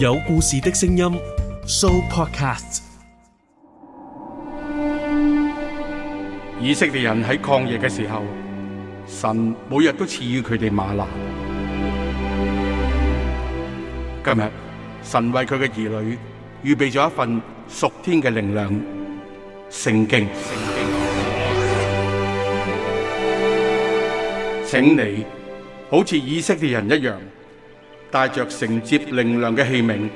有故事的聲音，Show Podcast。以色列人喺曠野嘅時候，神每日都賜予佢哋嗎哪。今日神為佢嘅兒女預備咗一份屬天嘅靈糧，聖經。聖經，請你好似以色列人一樣。帶着承接靈糧嘅器皿，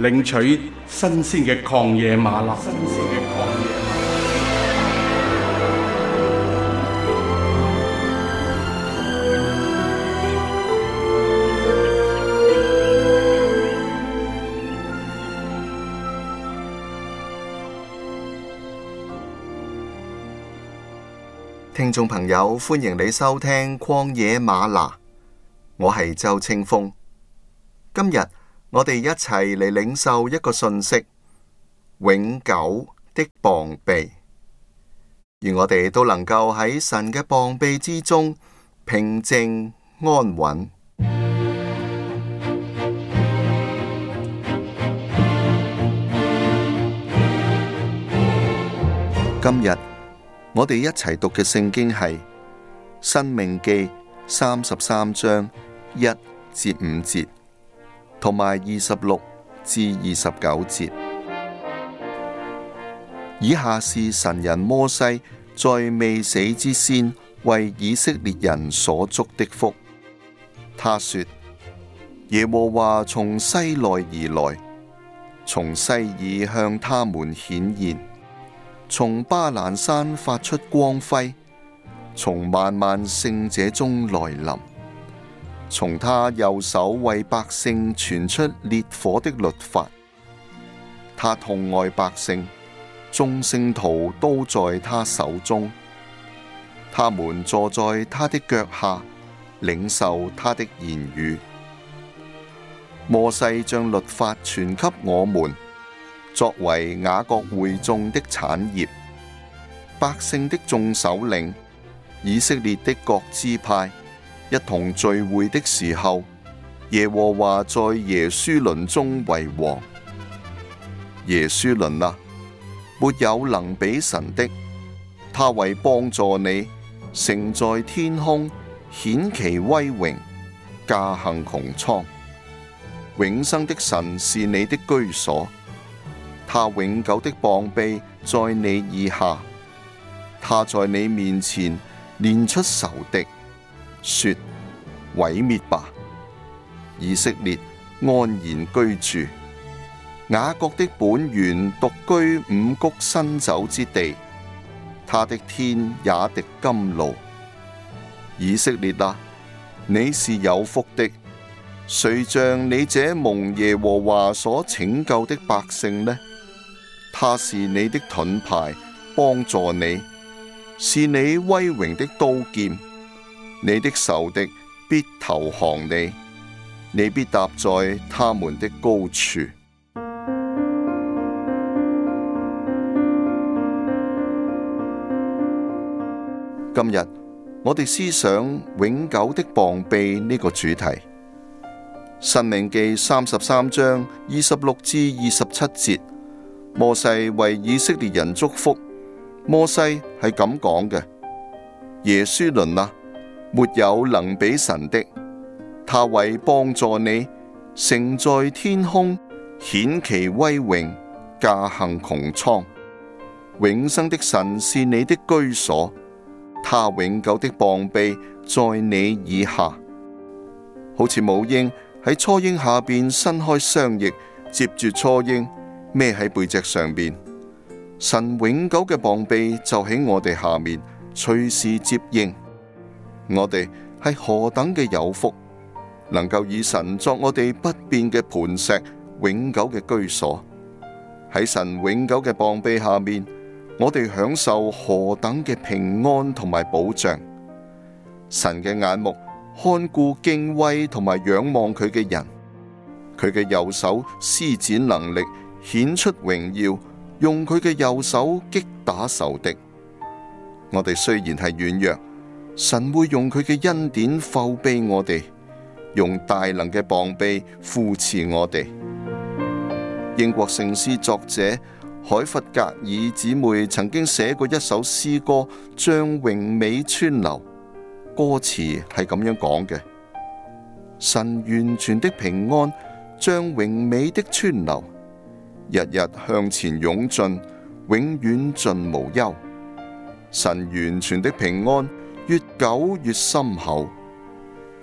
領取新鮮嘅曠野嗎哪。新鮮嘅曠野嗎哪。聽眾朋友，歡迎你收聽《曠野嗎哪》，我係周清風。今日我哋一齊嚟領受一個信息，永久的膀臂，願我哋都能夠喺神嘅膀臂之中平靜安穩。今日我哋一齊讀嘅聖經係《申命記》三十三章一至五節。同埋二十六至二十九節，以下是神人摩西在未死之先為以色列人所祝的福。他說：耶和華從西奈而來，從西以向他們顯現，從巴蘭山發出光輝，從萬萬聖者中來臨。從他右手為百姓傳出烈火的律法，他痛愛百姓，眾聖徒都在他手中，他們坐在他的腳下，領受他的言語。摩西將律法傳給我們，作為雅各會眾的產業，百姓的眾首領，以色列的各支派。一同聚會的時候，耶和華在耶書崙中為王。耶書崙啊，沒有能比神的。他為幫助你，乘在天空，顯其威榮，駕行穹蒼。永生的神是你的居所，他永久的膀臂在你以下。他在你面前攆出仇敵。說毀滅吧，以色列安然居住，雅各的本源獨居五穀新酒之地，他的天也滴甘露。以色列啊，你是有福的，誰像你這蒙耶和華所拯救的百姓呢？他是你的盾牌，幫助你，是你威榮的刀劍。你的仇敵必投降你，你必踏在他們的高處。今日我哋思想永久的膀臂呢個主題。申命記三十三章二十六至二十七節，摩西為以色列人祝福，摩西係咁講嘅：耶書倫啊！沒有能比神的，他為幫助你，盛在天空，顯其威榮，駕行穹蒼。永生的神是你的居所，他永久的膀臂在你以下，好似母鷹喺雛鷹下邊伸開雙翼，接住雛鷹，孭喺背脊上邊。神永久嘅膀臂就喺我哋下面，隨時接應。我哋係何等嘅有福，能夠以神作我哋不變嘅磐石，永久嘅居所。喺神永久嘅膀臂下面，我哋享受何等嘅平安同埋保障。神嘅眼目看顧敬畏同埋仰望佢嘅人，佢嘅右手施展能力，顯出榮耀，用佢嘅右手擊打仇敵。我哋雖然係軟弱。神會，用佢嘅恩典覆庇我哋，用大能嘅膀臂扶持我哋。英國聖詩作者海弗格爾姊妹曾經寫過一首詩歌，將榮美川流，歌詞係咁樣講嘅：神完全的平安，將榮美的川流，日日向前湧進，永遠盡無憂。神完全的平安。越久越深厚，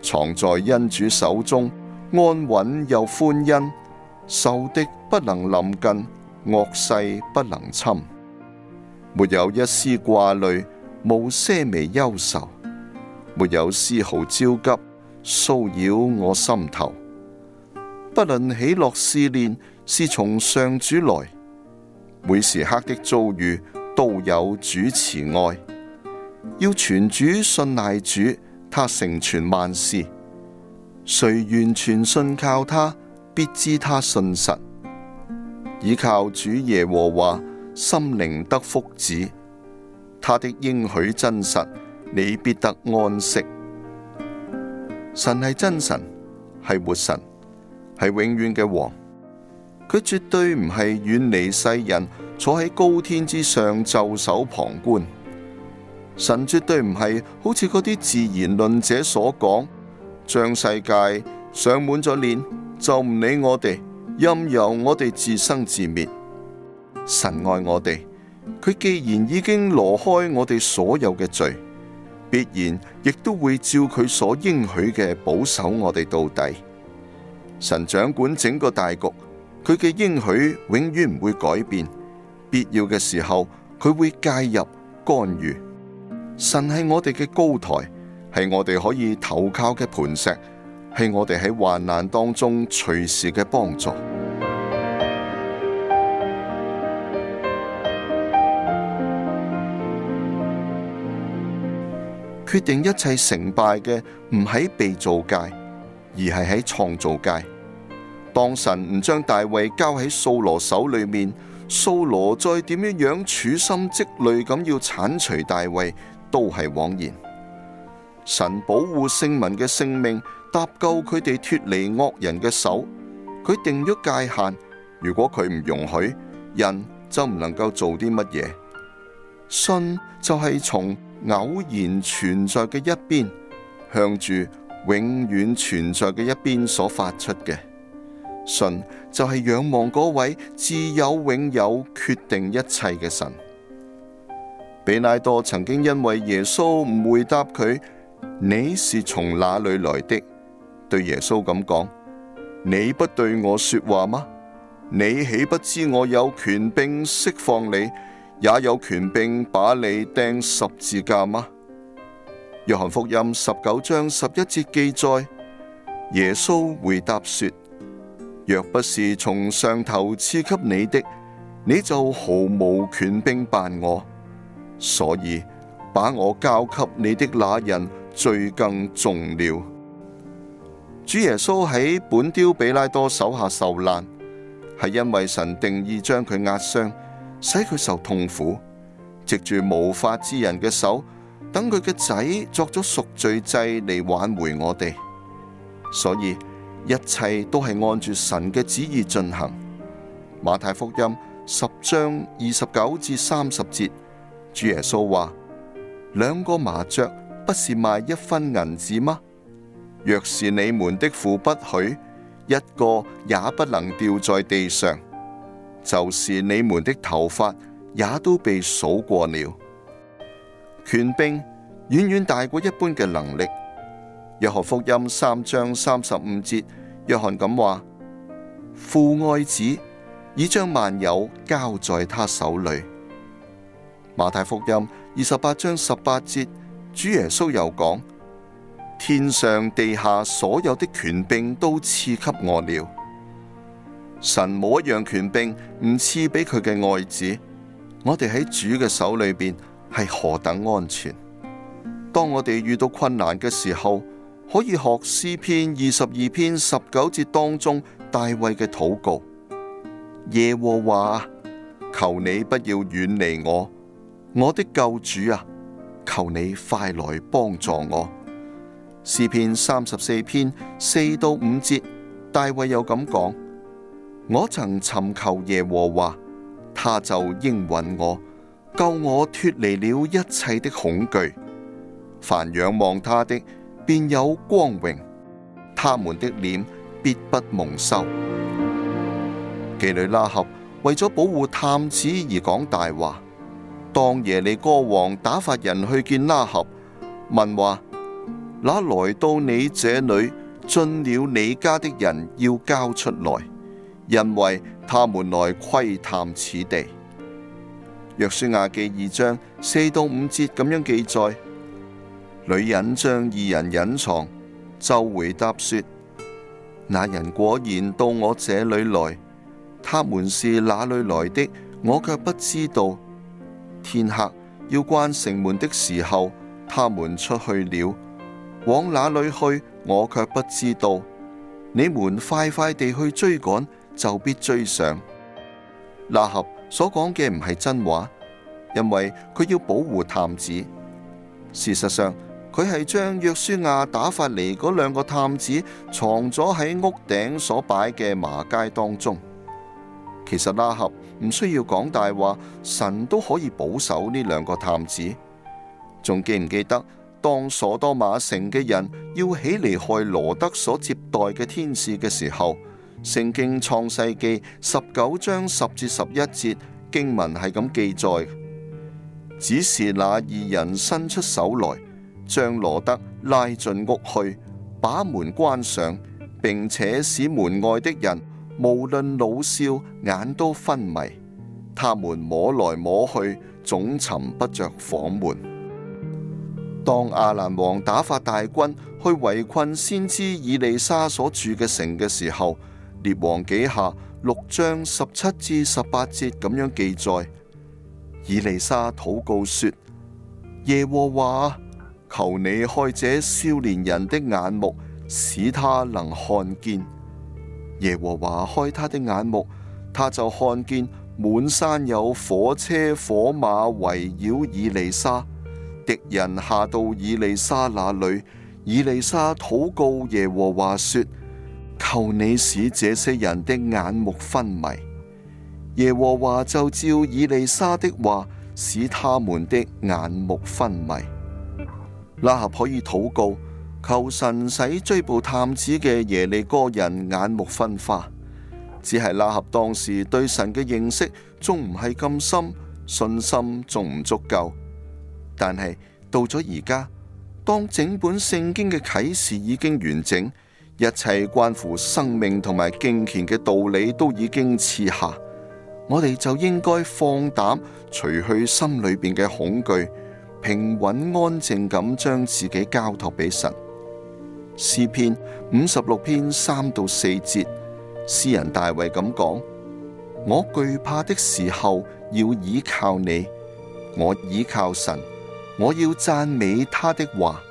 藏在恩主手中，安穩又歡欣，仇敵不能臨近，惡勢不能侵，沒有一絲掛慮，無些微憂愁，沒有絲毫焦急騷擾我心頭，不論喜樂試煉，是從上主來，每時刻的遭遇都有主慈愛。要全主信賴主，他成全萬事。誰完全信靠他，必知他信實。倚靠主耶和華，心靈得福祉。他的應許真實，你必得安息。神係真神，係活神，係永遠嘅王。佢絕對唔係遠離世人，坐喺高天之上袖手旁觀。神絕對唔係好似嗰啲自然論者所講，將世界上滿咗鏈，就唔理我哋，任由我哋自生自滅。神愛我哋，佢既然已經挪開我哋所有嘅罪，必然亦都會照佢所應許嘅保守我哋到底。神掌管整個大局，佢嘅應許永遠唔會改變。必要嘅時候，佢會介入干預。神係我哋嘅高台，係我哋可以投靠嘅磐石，係我哋喺患難當中隨時嘅幫助。決定一切成敗嘅唔喺被造界，而係喺創造界。當神唔將大衛交喺掃羅手裏面，掃羅再點樣處心積慮咁要鏟除大衛，都係枉然。神保護聖民嘅性命，搭救佢哋脫離惡人嘅手。佢定咗界限，如果佢唔容許，人就唔能夠做啲乜嘢。信就係從偶然存在嘅一邊，向住永遠存在嘅一邊所發出嘅。信就係仰望嗰位自有、永有、決定一切嘅神。比拉多曾經因為耶穌唔回答佢，你是從哪裏來的？對耶穌咁講，你不對我說話嗎？你豈不知我有權柄釋放你，也有權柄把你釘十字架嗎？約翰福音十九章十一節記載，耶穌回答說：若不是從上頭賜給你的，你就毫無權柄辦我。所以把我交給你的那人罪更重了。主耶穌喺本丟彼拉多手下受難，係因為神定意將佢壓傷，使佢受痛苦，藉住無法之人嘅手，等佢嘅仔作咗贖罪祭嚟，挽回我哋。所以一切都係按住神嘅旨意進行。馬太福音十章二十九至三十節。主耶穌話：兩個麻雀不是賣一分銀子嗎？若是你們的父不許，一個也不能掉在地上，就是你們的頭髮也都被數過了。權柄遠遠大過一般嘅能力。約翰福音三章三十五節，約翰咁話：父愛子，已將萬有交在他手裏。馬太福音二十八章十八節，主耶穌又講：天上地下所有的權柄都賜給我了。神冇一樣權柄唔賜俾佢嘅愛子。我哋喺主嘅手裏邊係何等安全。當我哋遇到困難嘅時候，可以學詩篇二十二篇十九節當中大衛嘅禱告：耶和華，求你不要遠離我。我的救主啊，求你快來幫助我。詩篇三十四篇四到五節，大衛又咁講：我曾尋求耶和華，他就應允我，救我脫離了一切的恐懼。凡仰望他的，便有光榮；他們的臉必不蒙羞。妓女拉合為咗保護探子而講大話。當耶利哥王打發人去見拉合，問話：那來到你這裏進了你家的人要交出來，因為他們來窺探此地。約書亞記二章四到五節咁樣記載，女人將二人隱藏，就回答說：那人果然到我這裏來，他們是哪裏來的，我卻不知道。天黑要關城門的時候，他們出去了，往哪裏去，我却不知道。你們快快地去追趕，就必追上。拉合所講嘅唔係真話，因為佢要保護探子。事實上，佢係將約書亞打發嚟嗰兩個探子藏咗喺屋頂所擺嘅麻秸當中。其實拉合，唔需要講大話，神都可以保守呢兩個探子。仲記唔記得當索多瑪城嘅人要起嚟害羅德所接待嘅天使嘅時候，聖經創世記十九章十至十一節經文係咁記載，只是那二人伸出手來，將羅德拉進屋去，把門關上，並且使門外的人。無論老少，眼都昏迷。他們摸來摸去，總尋不着房門。當亞蘭王打發大軍去圍困先知以利沙所住嘅城嘅時候，列王紀下六章十七至十八節咁樣記載：以利沙禱告說：耶和華，求你開這少年人的眼目，使他能看見。耶和華開他的眼目，他就看見滿山有火車火馬圍繞以利沙。敵人下到以利沙那裏，以利沙禱告耶和華說：求你使這些人的眼目昏迷。耶和華就照以利沙的話，使他們的眼目昏迷。那可以禱告。求神使追捕探子嘅耶利哥人眼目昏花，只係拉合當時對神嘅認識，仲唔係咁深，信心仲唔足夠。但係到咗而家，當整本聖經嘅啟示已經完整，一切關乎生命同埋敬虔嘅道理都已經賜下，我哋就應該放膽，除去心裏邊嘅恐懼，平穩安靜咁將自己交託俾神。詩篇五十六篇三到四節，詩人大衛咁講：我懼怕的時候要倚靠你，我倚靠神，我要讚美他的話，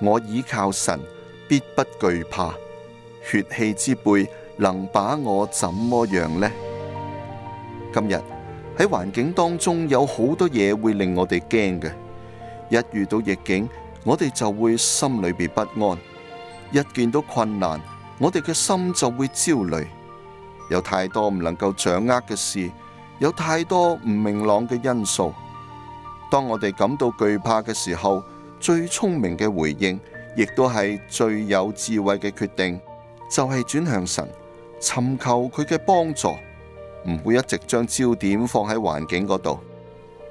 我倚靠神，必不懼怕。血氣之輩能把我怎麼樣呢？今日喺環境當中有好多嘢會令我哋驚嘅，一遇到逆境，我哋就會心裏邊不安。一見到困難，我哋嘅心就會焦慮，有太多唔能夠掌握嘅事，有太多唔明朗嘅因素。當我哋感到懼怕嘅時候，最聰明嘅回應，亦都係最有智慧嘅決定，就係轉向神，尋求佢嘅幫助，唔會一直將焦點放喺環境嗰度。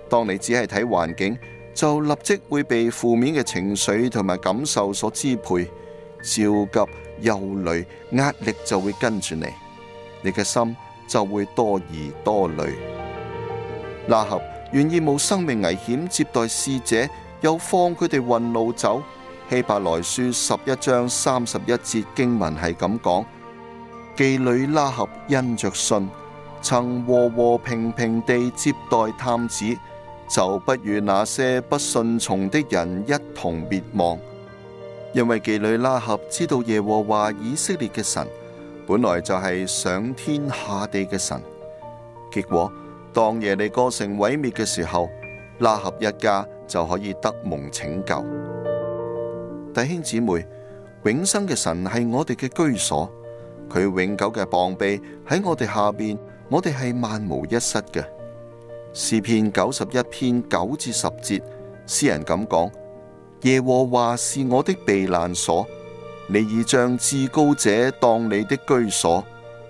當你只係睇環境，就立即會被負面嘅情緒同埋感受所支配。焦急、憂慮、壓力就會跟住你，你嘅心就會多疑多慮。拉合願意冇生命危險接待使者，又放佢哋運路走。希伯來書十一章三十一節經文係咁講：妓女拉合因着信，曾和和平平地接待探子，就不與那些不信從的人一同滅亡。因為妓女拉合知道耶和華以色列嘅神，本來就係上天下地嘅神，結果當耶利哥城毀滅嘅時候，拉合一家就可以得蒙拯救。弟兄姊妹，永生嘅神係我哋嘅居所，佢永久嘅膀臂喺我哋下邊，我哋係萬無一失嘅。詩篇九十一篇九至十節，詩人咁講耶和華是我的避難所，你已將至高者當你的居所，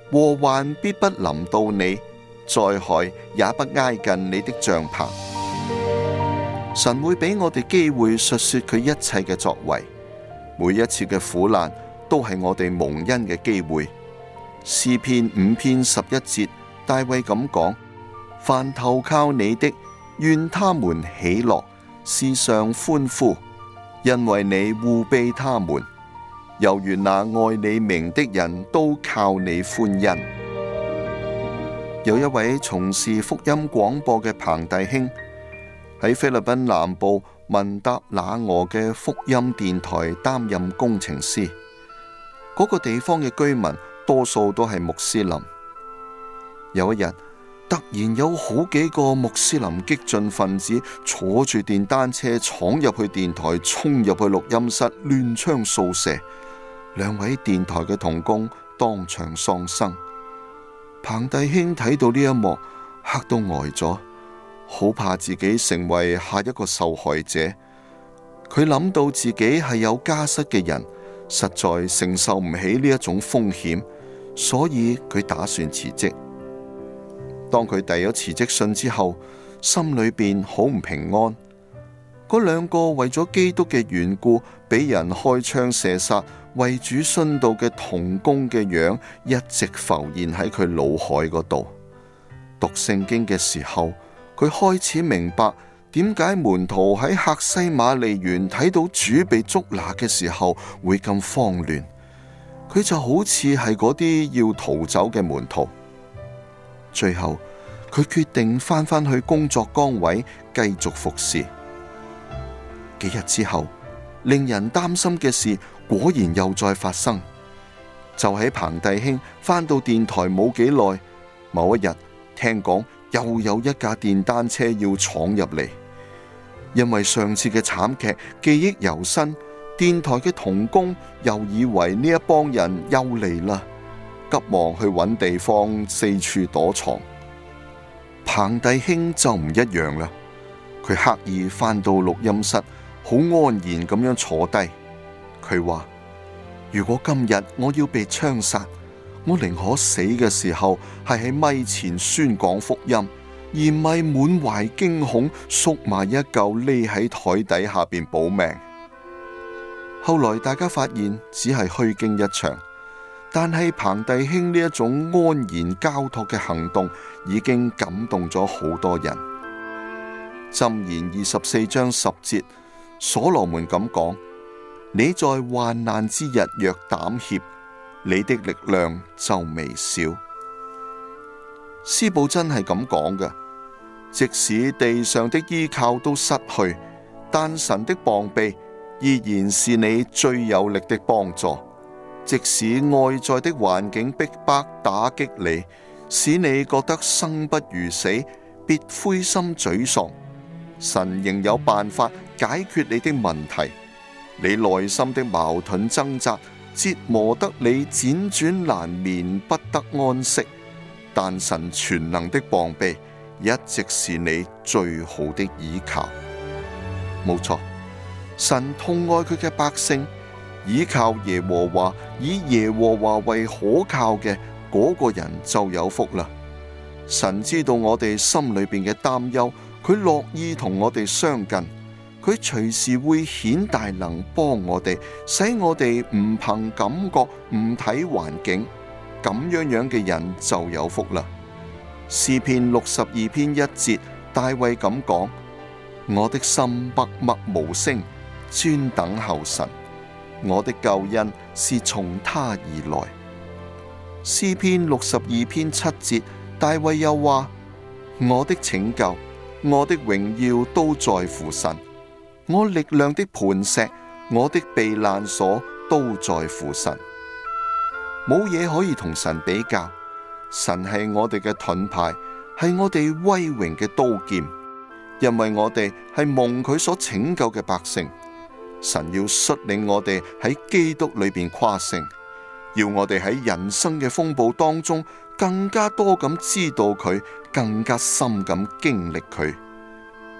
禍患必不臨到你，災害也不挨近你的帳棚。神會俾我哋機會述說佢一切嘅作為，每一次嘅苦難都係我哋蒙恩嘅機會。詩篇五篇十一節，大衛咁講：凡投靠你的，願他們喜樂，時常歡呼。因為你護庇他們，猶如那愛你名的人都靠你歡欣。有一位從事福音廣播嘅彭弟兄喺菲律賓南部文達那俄嘅福音電台擔任工程師，嗰個地方嘅居民多數都係穆斯林。有一日，突然有好幾個穆斯林激進分子坐住電單車闖入去電台，衝入去錄音室亂槍掃射，兩位電台嘅同工當場喪生。彭弟兄睇到呢一幕，吓到呆咗，好怕自己成為下一個受害者。佢諗到自己係有家室嘅人，實在承受唔起呢一種風險，所以佢打算辭職。當佢遞咗辭職信之後，心裏邊好唔平安。嗰兩個為咗基督嘅緣故俾人開槍射殺，為主殉道嘅同工嘅樣一直浮現喺佢腦海嗰度。讀聖經嘅時候，佢開始明白點解門徒喺客西馬利園睇到主被捉拿嘅時候會咁慌亂。佢就好似係嗰啲要逃走嘅門徒。最後，佢決定翻返去工作崗位，繼續服侍。幾日之後，令人擔心嘅事果然又再發生。就喺彭弟兄翻到電台冇幾耐，某一日聽講又有一架電單車要闖入嚟。因為上次嘅慘劇記憶猶新，電台嘅同工又以為呢一幫人又嚟啦。急忙去搵地方，四處躲藏。彭弟兄就唔一樣啦，佢刻意返到錄音室，好安然咁樣坐低。佢話：如果今日我要被槍殺，我寧可死嘅時候係喺咪前宣講福音，而咪滿懷驚恐縮埋一嚿匿喺台底下邊保命。後來大家發現，只係虛驚一場。但係彭弟兄呢一種安然交託嘅行動，已經感動咗好多人。箴言二十四章十節，所羅門咁講：你在患難之日若膽怯，你的力量就微小。司布真係咁講嘅，即使地上的依靠都失去，但神的膀臂，依然是你最有力的幫助。即使外在的環境逼迫、打擊你，使你覺得生不如死，別灰心沮喪。神仍有辦法解決你的問題。你內心的矛盾掙扎折磨得你輾轉難眠不得安息，但神全能的膀臂，一直是你最好的依靠。冇錯，神痛愛佢嘅百姓。依靠耶和華，以耶和華為可靠嘅嗰、那個人就有福啦。神知道我哋心裏邊嘅擔憂，佢樂意同我哋相近，佢隨時會顯大能幫我哋，使我哋唔憑感覺、唔睇環境咁樣樣嘅人就有福啦。詩篇六十二篇一節，大衛咁講：我的心默默無聲，專等候神。我的救恩是從他而來。詩篇六十二篇七節，大衛又話：我的拯救、我的榮耀都在乎神，我力量的磐石、我的避難所都在乎神。冇嘢可以同神比較，神係我哋嘅盾牌，係我哋威榮嘅刀劍，因為我哋係蒙佢所拯救嘅百姓。神要率領我哋喺基督裏邊誇勝，要我哋喺人生嘅風暴當中更加多咁知道佢，更加深咁經歷佢。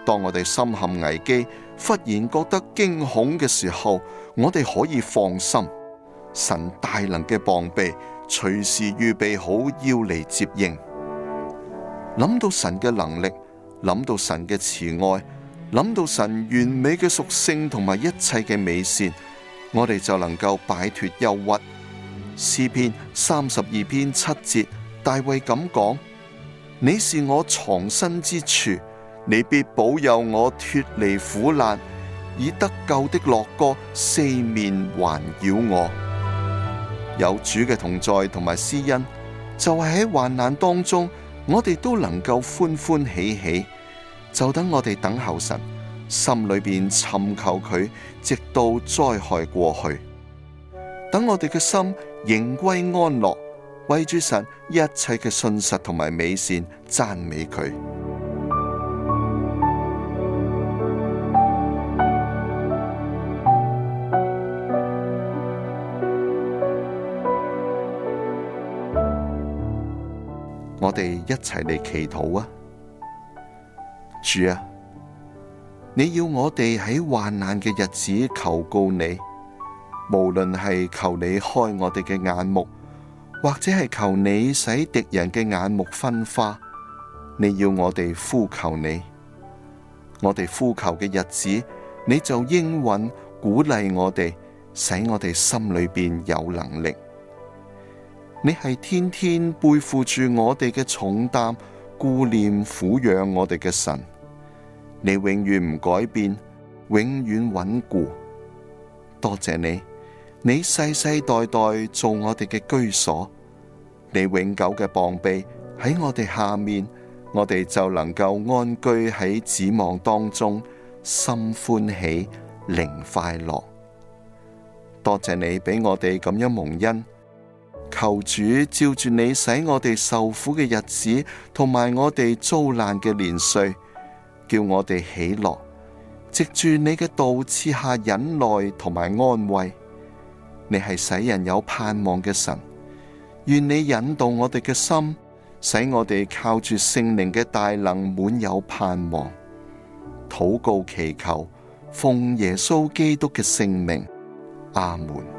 當我哋深陷危機，忽然覺得驚恐嘅時候，我哋可以放心，神大能嘅膀臂隨時預備好要嚟接應。諗到神嘅能力，諗到神嘅慈愛。諗到神完美嘅屬性同埋一切嘅美善，我哋就能夠擺脱憂鬱。詩篇三十二篇七節，大衛咁講：你是我藏身之處，你必保佑我脱離苦難，以得救的樂歌四面環繞我。有主嘅同在同埋施恩，就喺患難當中，我哋都能夠歡歡喜喜。就等我哋等候神，心裏邊尋求佢，直到災害過去。等我哋嘅心仍歸安樂，為住神一切嘅信實同埋美善讚美佢。 我哋一齊嚟祈禱啊！主啊，你要我哋喺患難嘅日子求告你，無論係求你開我哋嘅眼目，或者係求你使敵人嘅眼目昏花，你要我哋呼求你，我哋呼求嘅日子，你就應允鼓勵我哋，使我哋心裏邊有能力。你係天天背負住我哋嘅重擔。顧念撫養我哋嘅神，你永遠唔改變，永遠穩固。多謝你，你世世代代做我哋嘅居所，你永久嘅膀臂喺我哋下面，我哋就能夠安居喺指望當中，心歡喜，靈快樂。多謝你俾我哋咁樣蒙恩。求主照住你使我哋受苦嘅日子，同埋我哋遭難嘅年歲，叫我哋喜樂。藉住你嘅道賜下忍耐同埋安慰，你係使人有盼望嘅神。願你引導我哋嘅心，使我哋靠住聖靈嘅大能滿有盼望。禱告祈求，奉耶穌基督嘅聖名，阿門。